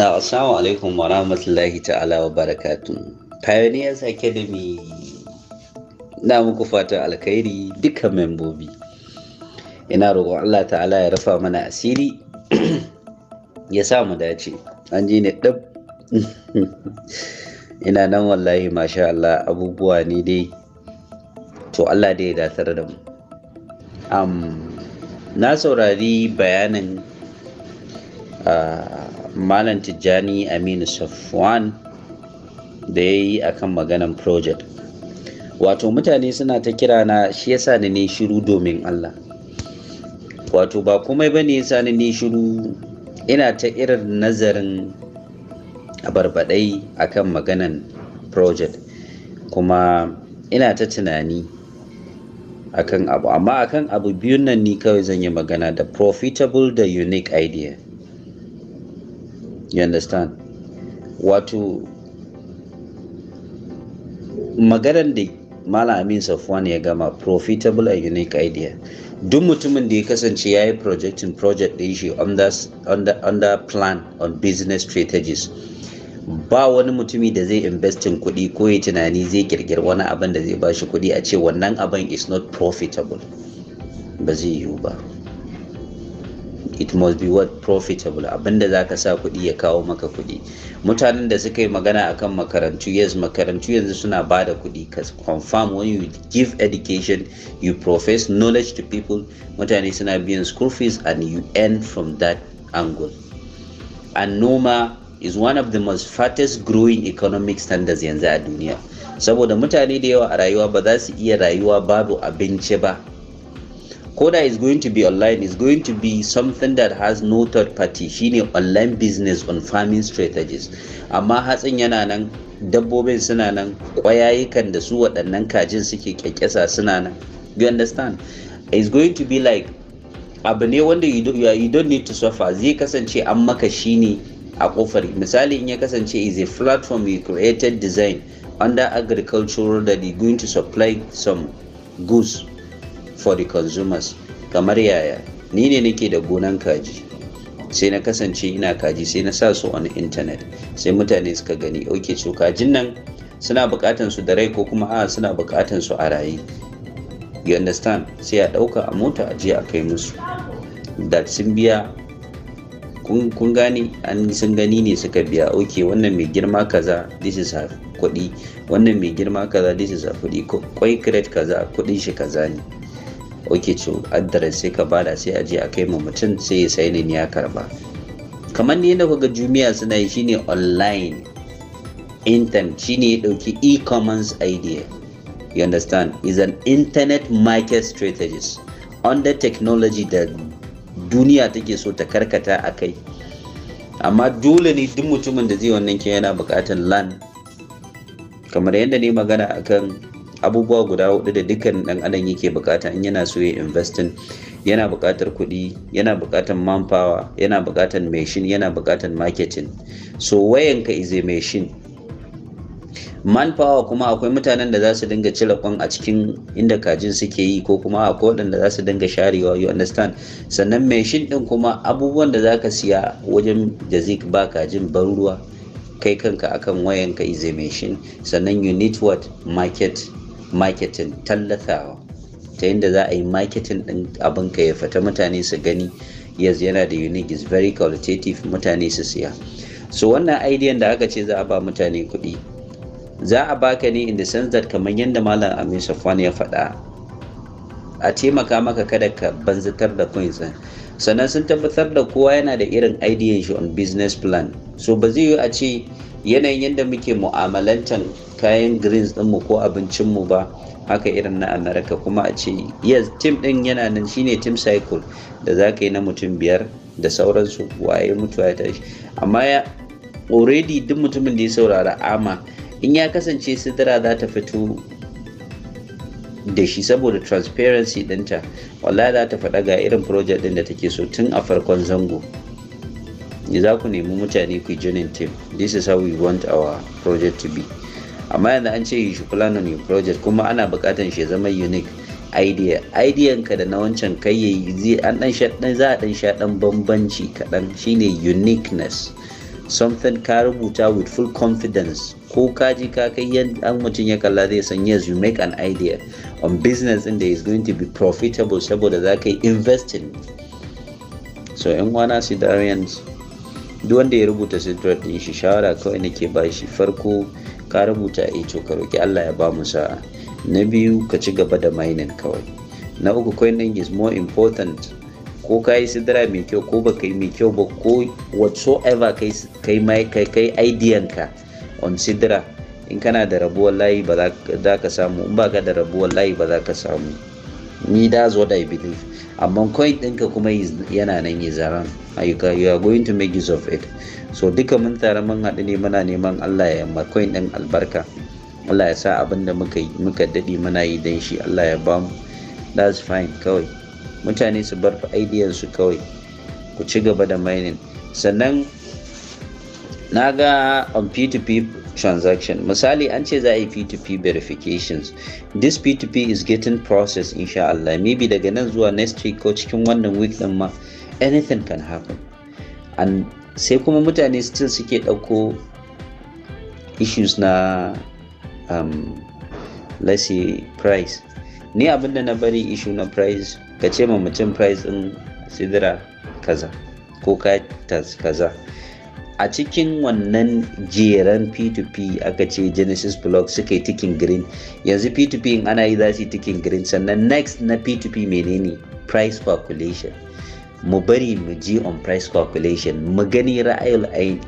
Assalamu alaikum wa rahmatullahi ta'ala wa barakatun. Pioneers Academy na muku fatan alkhairi duka membobi. Ina roƙon Allah ta'ala ya rafa mana asiri ya sa mu dace. An ji ne ɗab. Ina nan wallahi masha Allah abubuwa ne dai. To Allah dai ya datar da mu. na saurari bayanin ah, malam tijjani aminu safwan da ya yi akan maganan project wato mutane suna ta kira na shi yasa sa ne shiru domin allah wato ba kuma ba ne yasa ne shiru ina ta irin nazarin abarbadai a kan maganan project kuma ina ta tunani akan abu amma akan abu biyun nan ni kawai zan yi magana da profitable da unique idea you understand wato maganar da malam amin safwan ya gama profitable and unique idea duk mutumin da ya kasance ya yi projecting project ɗin shi under plan on business strategies ba wani mutumi da zai investin kuɗi ko ya tunani zai kirgir wani abin da zai bashi kuɗi a ce wannan abin is not profitable ba zai yiwu ba it must be what profitable abinda za ka sa kuɗi ya kawo maka kuɗi mutanen da suka yi magana a kan makarantu yes makarantu yanzu suna ba da kuɗi ka confirm when you give education you profess knowledge to people mutane suna biyan school fees and you earn from that angle and noma is one of the most fattest growing economic standards yanzu a duniya saboda mutane da yawa a rayuwa ba za su iya rayuwa babu abinci ba koda is going to be online is going to be something that has no third party shine online business on farming strategies amma hatsin yana nan dabbobin suna nan kwayayyukan da su waɗannan kajin suke kyakkyasa suna nan you understand it's going to be like abu ne wanda you don't need to suffer zai kasance an maka shi ne a kofar misali in ya kasance is a platform you created design under agricultural that you going to supply some goods for the consumers kamar yaya ni ne nake da gonan kaji sai na kasance ina kaji sai na sa su on internet sai mutane suka gani ok so kajin nan suna bukatan su da rai ko kuma a suna bukatan su a raye you understand sai a dauka a mota a je a kai musu da sun biya kun gane an sun gani ne suka biya ok wannan mai girma kaza this is kuɗi wannan mai girma kaza this is kuɗi kwai credit kaza kuɗin shi kaza ne ok to address sai ka bada sai aje a kai ma mutum sai ya ni ya karba kamar ne yadda kuka jumiya suna yi shine online intern shine ya dauki e-commerce idea you understand is an internet market strategist under technology da duniya take so ta karkata a kai amma dole ne duk mutumin da zai wannan ke yana bukatar lan kamar yadda ne magana akan abubuwa guda hudu da dukkan dan adam yake bukata in yana so ya investin yana bukatar kuɗi yana bukatar manpower yana bukatar machine yana bukatar marketing so wayanka is a machine manpower kuma akwai mutanen da za su dinga cire a cikin inda kajin suke yi ko kuma akwai waɗanda za su dinga sharewa you understand sannan machine din kuma abubuwan da za ka siya wajen da zai ba kajin ban ruwa kai kanka akan wayanka is a machine sannan you need what market marketing tallatawa ta yadda za a yi marketing din abin ka ya fita mutane su gani yes yana da unique is very qualitative mutane su siya so wannan idea da aka ce za a ba mutane kuɗi za a baka ne in the sense that kamar yadda malam amin safwan ya faɗa a taimaka maka kada ka banzatar da coins sannan sun tabbatar da kowa yana da irin idea shi on business plan so ba zai yi a ce yanayin yadda muke mu'amalantar kayan greens mu ko abincinmu ba haka irin na america kuma a ce yes tim din yana nan shine tim cycle da za ka yi na mutum biyar da sauransu waye mutuwa ya tashi amma ya already duk mutumin da ya saurara ama in ya kasance sidira za ta fito da shi saboda transparency dinta wallahi za ta faɗa ga irin project din da take so tun a farkon zango za ku nemi mutane ku joinin team this is how we want our project to be amma yanzu an ce shi kula on your project kuma ana buƙatar shi zama unique idea idea ka da na wancan kai yayi an dan sha za a dan sha dan bambanci kadan shine uniqueness something ka rubuta with full confidence ko ka ji ka kai an mutum ya kalla zai san yes you make an idea on business din da is going to be profitable saboda za ka yi investing so yan wana sidarians duk wanda ya rubuta sidrat din shi shawara kawai nake ba shi farko ka rubuta a eh, to ka roki Allah ya ba mu sa'a na biyu ka ci gaba da mining kawai na uku coining is more important ko ka yi sidira mai kyau ko baka yi mai kyau ba ko whatsoever kai kai kai kai idean ka on sidira in kana da rabuwar layi ba za ka samu in ba ka da rabuwar layi ba za ka samu ni da what i believe amma coin ɗinka kuma yana nan ya zaran you are going to make use of it so duka mun tare mun haɗu ne muna neman Allah ya makoin ɗin albarka Allah ya sa abin da muka muka daɗi muna yi don shi Allah ya bamu mu that's fine kawai mutane su bar ideas su kawai ku ci gaba da mining sannan na ga on p2p transaction misali an ce za a yi p2p verifications this p2p is getting processed insha Allah maybe daga nan zuwa next week ko cikin wannan week din ma anything can happen and sai kuma mutane still suke ɗauko issues na um, let's say price ni abinda na bari issue na price ka ce ma mutum price din sidira kaza ko katas kaza a cikin wannan jeren p2p aka ce genesis block suka yi tikin green yanzu p2p in ana yi za su yi tikin green sannan next na p2p menene price calculation mu bari mu ji on price calculation mu gani ra'ayul ayin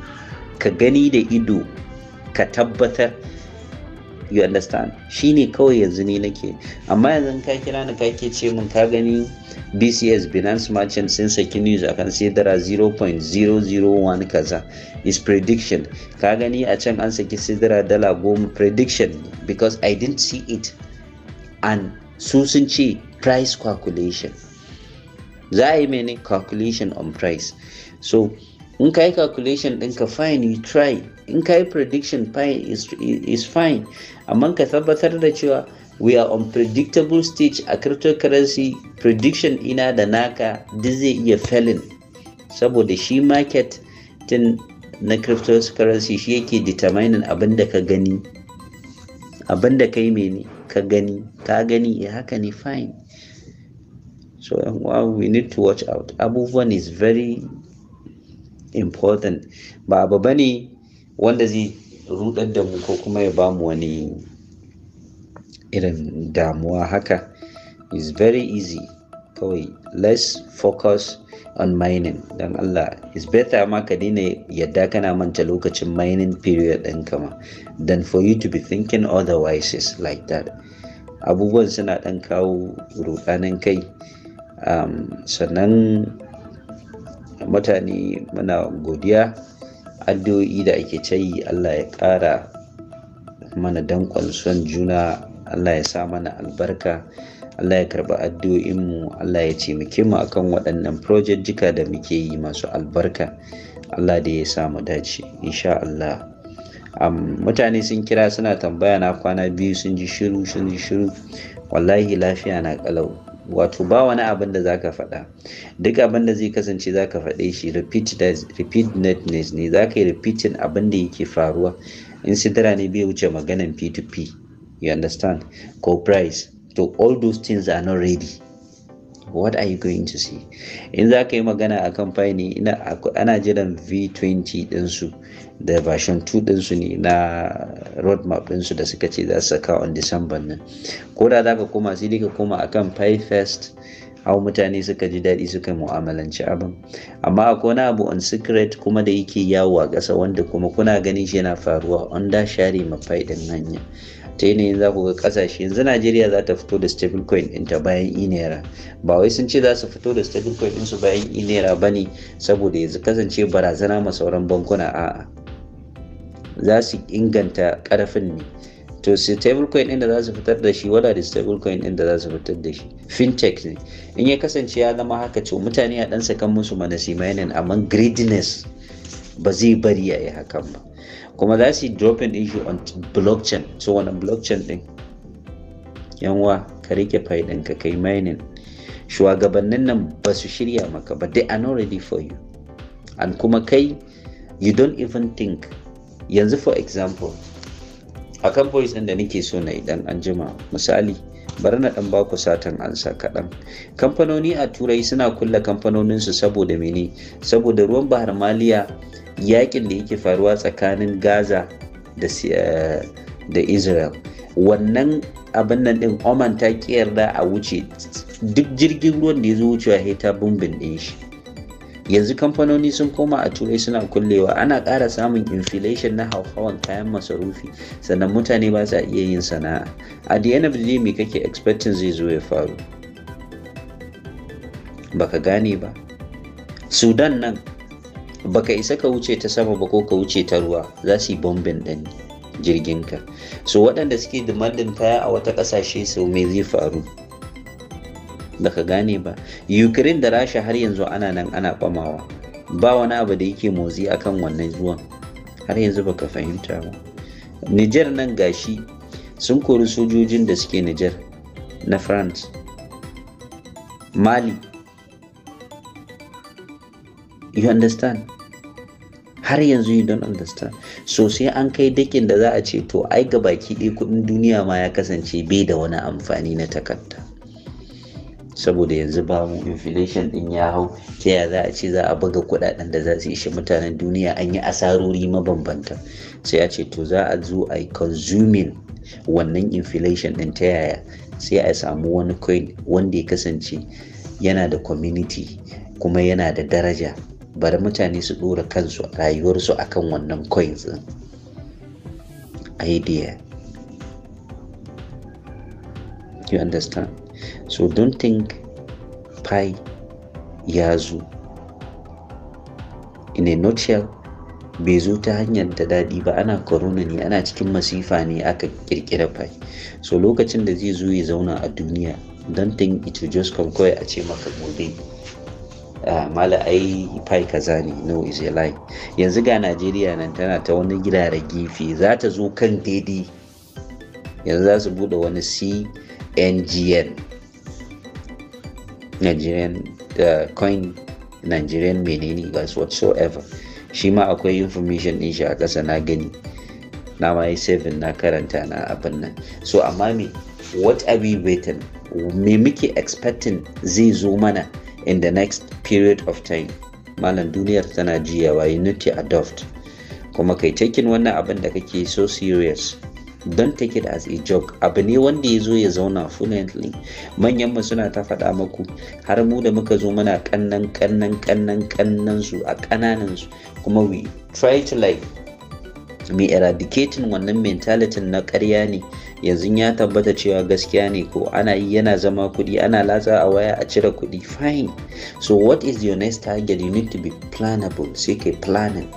ka gani da ido ka tabbatar you understand shi ne kawai yanzu ne nake amma yanzu ka kira ni ka ke ce min ka gani bcs binance merchant sun saki news a kan sidara 0.001 kaza is prediction ka gani a can an saki sidara dala goma prediction because i didn't see it and su sun ce price calculation za a yi mene calculation on price so in ka yi calculation ɗinka fine you try in ka yi prediction fine is, fine amma ka tabbatar da cewa we are on predictable stage a cryptocurrency prediction ina da naka duk zai iya felin saboda shi market din na cryptocurrency shi yake determining abin da ka gani abin da ka yi mene ka gani ka gani ya eh, haka ne fine so um, well, we need to watch out abubuwan is very important ba abu ba ne wanda zai rudar da mu ko kuma ya ba mu wani irin damuwa haka is very easy kawai let's focus on mining don Allah is better ma ka daina yadda kana manta lokacin mining period ɗin kama than for you to be thinking otherwise like that abubuwan suna dan kawo rudanin kai sannan mutane muna godiya addu'o'i da ake yi, Allah ya ƙara mana dankon son juna Allah ya sa mana albarka Allah ya karɓi addu'o'inmu Allah ya muke mu akan waɗannan jika da muke yi masu albarka Allah da ya sa mu dace insha Allah um, mutane sun kira suna tambaya na kwana biyu sun ji shiru sun ji shiru wallahi lafiya na kalau wato ba wani abin da zaka faɗa duk abin da zai kasance zaka faɗe shi repeat repeatedness ne zaka yi repeating abin da yake faruwa in sidira ne bai wuce maganan p2p you understand ko price to all those things are not ready what are you going to see in za ka yi magana a kamfani ana jiran v20 ɗinsu da version 2 ɗinsu ne na roadmap ɗinsu da suka ce za su saka on december nan ko da za ka koma sai dai ka koma akan pi first hau mutane suka ji daɗi suka mu'amalanci abin amma akwai wani abu on secret kuma da yake yawo a ƙasa wanda kuma kuna ganin shi yana faruwa on da share mafai ɗin hanya ta yanayin za ku ga kasashe yanzu najeriya za ta fito da stablecoin ɗinta bayan inera ba wai sun ce za su fito da stablecoin ɗinsu bayan inera ba ne saboda yanzu kasance barazana ma sauran bankuna a'a za su inganta karfin ne to stablecoin ɗin da za su fitar da shi wala da stablecoin ɗin da za su fitar da shi fintech ne in ya kasance ya zama haka ce, mutane a ɗan sakan musu manasi mainin amma greediness ba zai bari ya yi hakan ba kuma za su yi dropping din shi on blockchain so wani blockchain din yanwa ka rike faidin ka kai mining shugabannin nan ba su shirya maka ba they are not ready for you and kuma kai you don't even think yanzu for example a kan voice ɗin da nake so na idan an jima misali bari na ɗan baku satan ansa kaɗan kamfanoni a turai suna kulla kamfanoninsu saboda mene saboda ruwan bahar maliya yakin da yake faruwa tsakanin gaza eh, da israel wannan abin nan din oman ta ki yarda a wuce duk jirgin ruwan da ya zo wucewa ya ta bumbin din shi yanzu kamfanoni sun koma a turai suna kullewa ana ƙara samun inflation na hauhawan kayan masarufi sannan mutane ba sa iya yin sana'a a the end of the day me kake expecting zai zo ya faru baka gane ba sudan nan baka isa ka wuce ta sama ba ko ka wuce ta ruwa za su yi bombin ɗin jirginka so waɗanda suke demandin taya a wata ƙasashe sau me zai faru baka gane ba ukraine da rasha har yanzu ana nan ana ƙwamawa. ba wani abu da yake motsi akan wannan zuwan har yanzu baka fahimta ba niger nan gashi sun kori sojojin da suke niger na france mali you understand har yanzu you don't understand so sai an kai dakin da za a ce to ai ga baki ɗaya kuɗin duniya ma ya kasance bai da wani amfani na takarda saboda yanzu ba mu inflation din ya hau ta ya za a ce za a buga kuɗaɗen da za su ishe mutanen duniya an yi asarori mabambanta sai a ce to za a zo a yi consuming wannan inflation din ta yaya sai a samu wani coin wanda ya kasance yana da community kuma yana da daraja bari mutane su ɗora kansu a rayuwarsu akan wannan coins din idea you understand so don't think pi ya zo in a nutshell bai zo ta hanyar da daɗi ba ana corona ne ana cikin masifa ne aka kirkira pi so lokacin da zai zo ya zauna a duniya don think it will just come kawai a ce maka gobe Ah, mala ai fai kaza ne no is a lie yanzu ga najeriya nan tana ta wani da gefe za ta zo kan daidai yanzu za su bude wani cngn nigerian uh, coin nigerian menene guys whatsoever shi ma akwai information din shi a ƙasa na gani na ma yi saving na karanta na abin nan so amma me what are we waiting me muke expecting zai zo mana in the next period of time malam duniyar tana jiyawa you need to adopt kuma kai taking wannan abin da kake so serious don take it as a joke abu ne wanda ya zo ya zauna fluently manyan mu suna ta faɗa maku har mu da muka zo muna kannan kannan kannan kannan su a kananan su kuma we try to like me eradicating wannan mentality na ƙarya ne yanzu ya tabbata cewa gaskiya ne ko ana yi yana zama kuɗi ana latsa a waya a cire kuɗi fine so what is your next target you need to be planable sai kai planning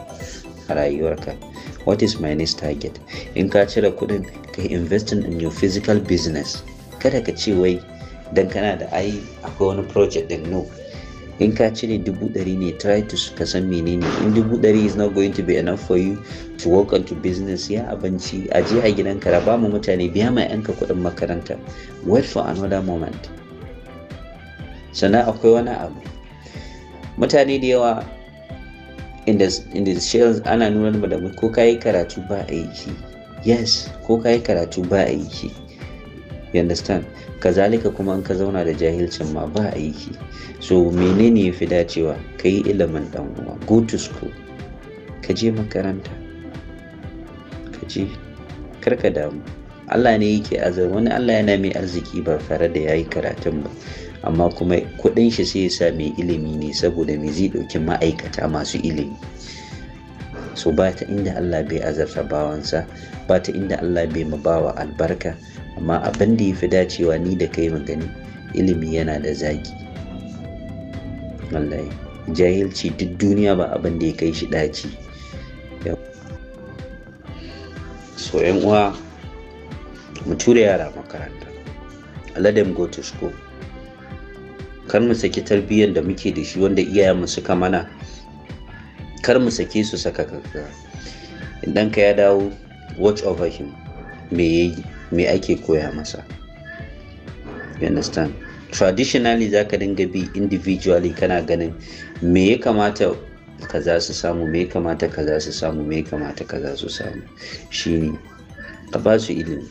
a rayuwarka what is my next target in ka cire kuɗin kai investing in your physical business kada ka ce wai dan kana da ai akwai wani project din no in ka cire dubu ɗari ne try to ka san menene in dubu ɗari is not going to be enough for you to work on to business ya abinci a je a ka Ba mu mutane biya ma yanka kuɗin makaranta wait for another moment sannan akwai wani abu mutane da yawa in the shells ana nuna da ko ka karatu ba aiki yes ko kayi karatu ba aiki you understand kazalika kuma in ka zauna da jahilcin ma ba aiki so menene ya fi dacewa ka yi ilimin dan uwa go to school ka je makaranta ka je karka damu Allah ne yake azar wani Allah yana mai arziki ba tare da yayi karatun ba amma kuma kuɗin shi sai ya sa mai ilimi ne saboda mai zai ɗauki ma'aikata masu ilimi so ba ta inda Allah bai azarta bawansa ba ta inda Allah bai mabawa albarka amma abin da ya fi dacewa ni da kai magani ilimi yana da zaki wallahi jahilci duk duniya ba abin da ya kai shi daci so uwa mu tura yara makaranta let them go to school kar mu saki tarbiyyar da muke da shi wanda iyayenmu suka mana kar mu sake su saka kaka idan ka ya dawo watch over him me yayi me ake koya masa you understand traditionally za ka dinga bi individually kana ganin me ya kamata kaza su samu me ya kamata kaza su samu me ya kamata kaza su samu shine ka ba su ilimi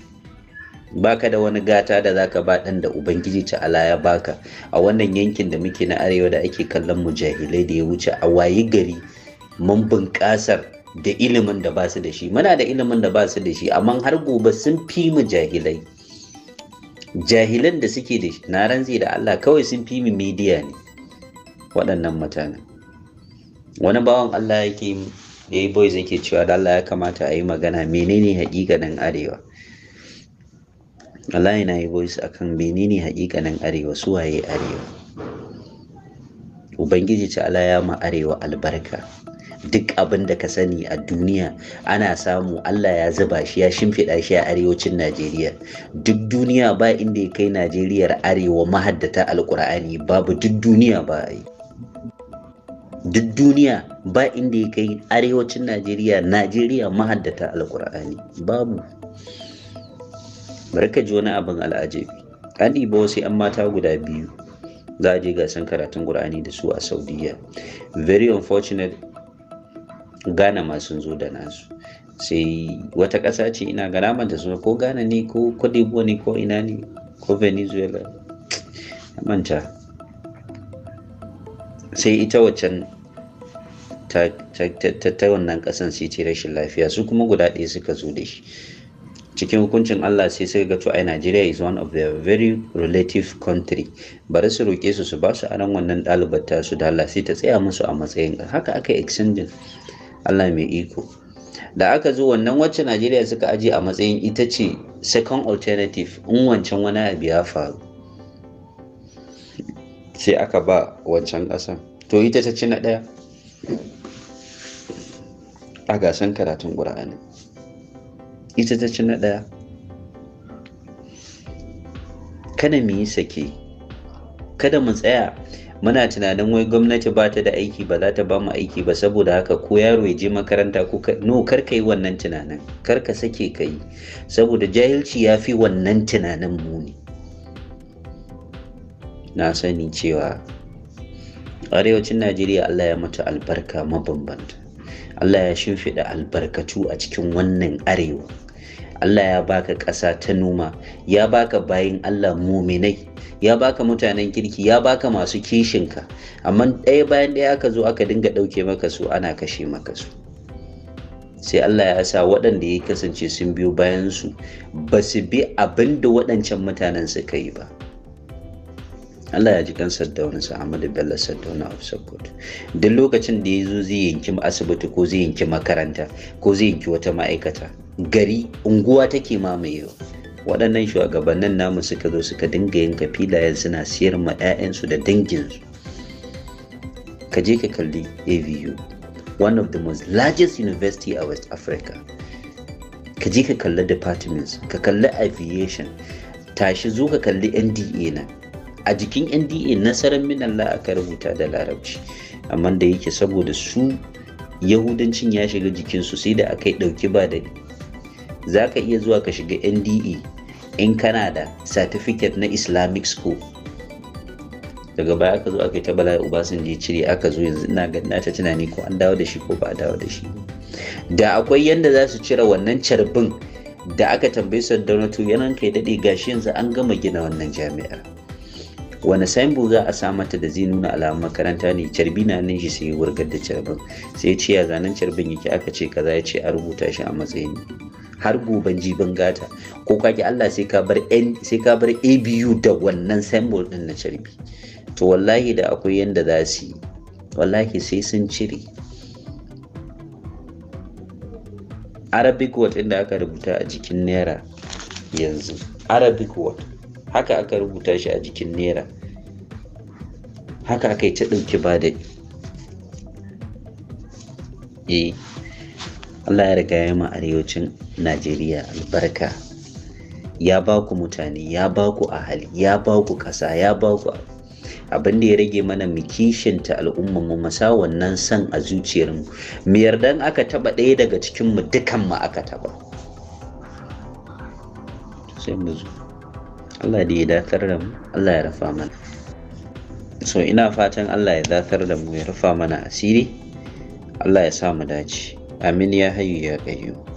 baka da wani gata da zaka ba ɗan da ubangiji ta ala ya baka a wannan yankin da muke na arewa da ake kallon mujahilai da ya wuce a wayi gari mun bunƙasar da ilimin da ba su da shi muna da ilimin da ba su da shi amma har gobe sun fi mu jahilai jahilan da suke da shi na ranzi da Allah kawai sun fi mu media ne waɗannan mutanen wani bawan Allah yake da yi boys yake cewa da Allah ya kamata a yi magana menene haƙiƙanin arewa Allah yana yi boys akan menene haƙiƙanin arewa su waye arewa ubangiji ta Allah ya ma arewa albarka duk abin da ka sani a duniya ana samu Allah ya zuba shi ya shimfiɗa shi a arewacin Najeriya duk duniya ba inda ya kai Najeriya arewa mahaddata alkur'ani babu duk duniya ba yi duk duniya ba inda ya kai arewacin Najeriya Najeriya mahaddata alkur'ani babu bari ka ji wani abin al'ajabi an ɗiba wasu 'yan mata guda biyu za a je gasan karatun Qur'ani da su a Saudiya. Very unfortunate Ghana ma sun zo da nasu sai wata ƙasa ce ina ga manta suna ko Ghana ne ko Cote ne ko ina ne ko Venezuela manta sai ita waccan ta wannan ƙasan sai ce rashin lafiya su kuma guda ɗaya suka zo da shi cikin hukuncin Allah sai suka ga to Nigeria is one of their very relative country bari su roƙe su su ba su aran wannan ɗalibar tasu su da Allah sai ta tsaya musu a matsayin haka aka exchanging Allah mai iko da aka zo wannan wacce Najeriya suka aje a matsayin ita ce second alternative in wancan wani abu ya faru sai aka ba wancan ƙasan to ita ta ci na ɗaya a gasan karatun ƙura'ani ita ta ci na ɗaya kada mu yi sake kada mu tsaya muna tunanin wai gwamnati ba ta da aiki ba za ta ba mu aiki ba saboda haka ko yaro ya je makaranta ko no kar ka yi wannan tunanin kar ka sake ka yi saboda jahilci ya fi wannan tunanin muni na sani cewa arewacin najeriya allah ya mata albarka mabambanta allah ya shimfiɗa albarkatu a cikin wannan arewa Allah ya baka ƙasa ta noma ya baka bayan Allah muminai ya baka mutanen kirki ya baka masu kishinka amma ɗaya bayan ɗaya aka zo aka dinga ɗauke maka su ana kashe maka su sai Allah ya sa waɗanda ya kasance sun biyo bayansu, su ba su bi abin da waɗancan mutanen suka yi ba Allah ya ji kan Sardauna sa amadu Bello Sardauna of support duk lokacin da ya zo zai yanki asibiti ko zai yanki makaranta ko zai yanki wata ma'aikata gari unguwa take mamayewa waɗannan shugabannin namu suka zo suka dinga yanka filayen suna siyar ma 'ya'yansu da danginsu ka je ka kalli avu one of the most largest university a west africa ka je ka kalli departments ka kalli aviation tashi zo ka kalli nda na a jikin nda nasarar minallah aka rubuta da larabci amma da yake saboda su yahudancin ya shiga jikinsu sai da aka yi ɗauki ba da za ka iya zuwa ka shiga nde in kana da certificate na islamic school daga baya aka zo aka yi ta bala sun je cire aka zo yanzu ina ga ta tunani ko an dawo da shi ko ba a dawo da shi da akwai yadda za su cire wannan carbin da aka tambayi sardaunatu yanan kai daɗe gashi yanzu an gama gina wannan jami'ar wani sainbu za a sa mata da zai nuna alamun makaranta ne carbi na nan shi sai wurgar da carbin sai ce ya zanen carbin yake aka ce kaza ya ce a rubuta shi a matsayin har gobe jibin gata ko kake Allah sai ka bar sai ka bar ABU da wannan symbol din na carbi to wallahi da akwai yanda za su yi wallahi sai sun cire arabic word inda aka rubuta a jikin naira yanzu arabic word haka aka rubuta shi a jikin naira haka aka yi ta ɗauki ba da eh Allah ya riga ya ma arewacin Najeriya albarka ya ba ku mutane ya ba ku ahali ya ba ku ƙasa ya ba ku abin da ya rage mana mu kishinta al'umma mu masa wannan san a zuciyar mu mu yardan aka taba ɗaya daga cikin mu dukan mu aka taba sai mu zo Allah da ya dakar da mu Allah ya rufa mana so ina fatan Allah ya datar da mu ya rufa mana asiri Allah ya sa mu dace آمين يا يا قيوم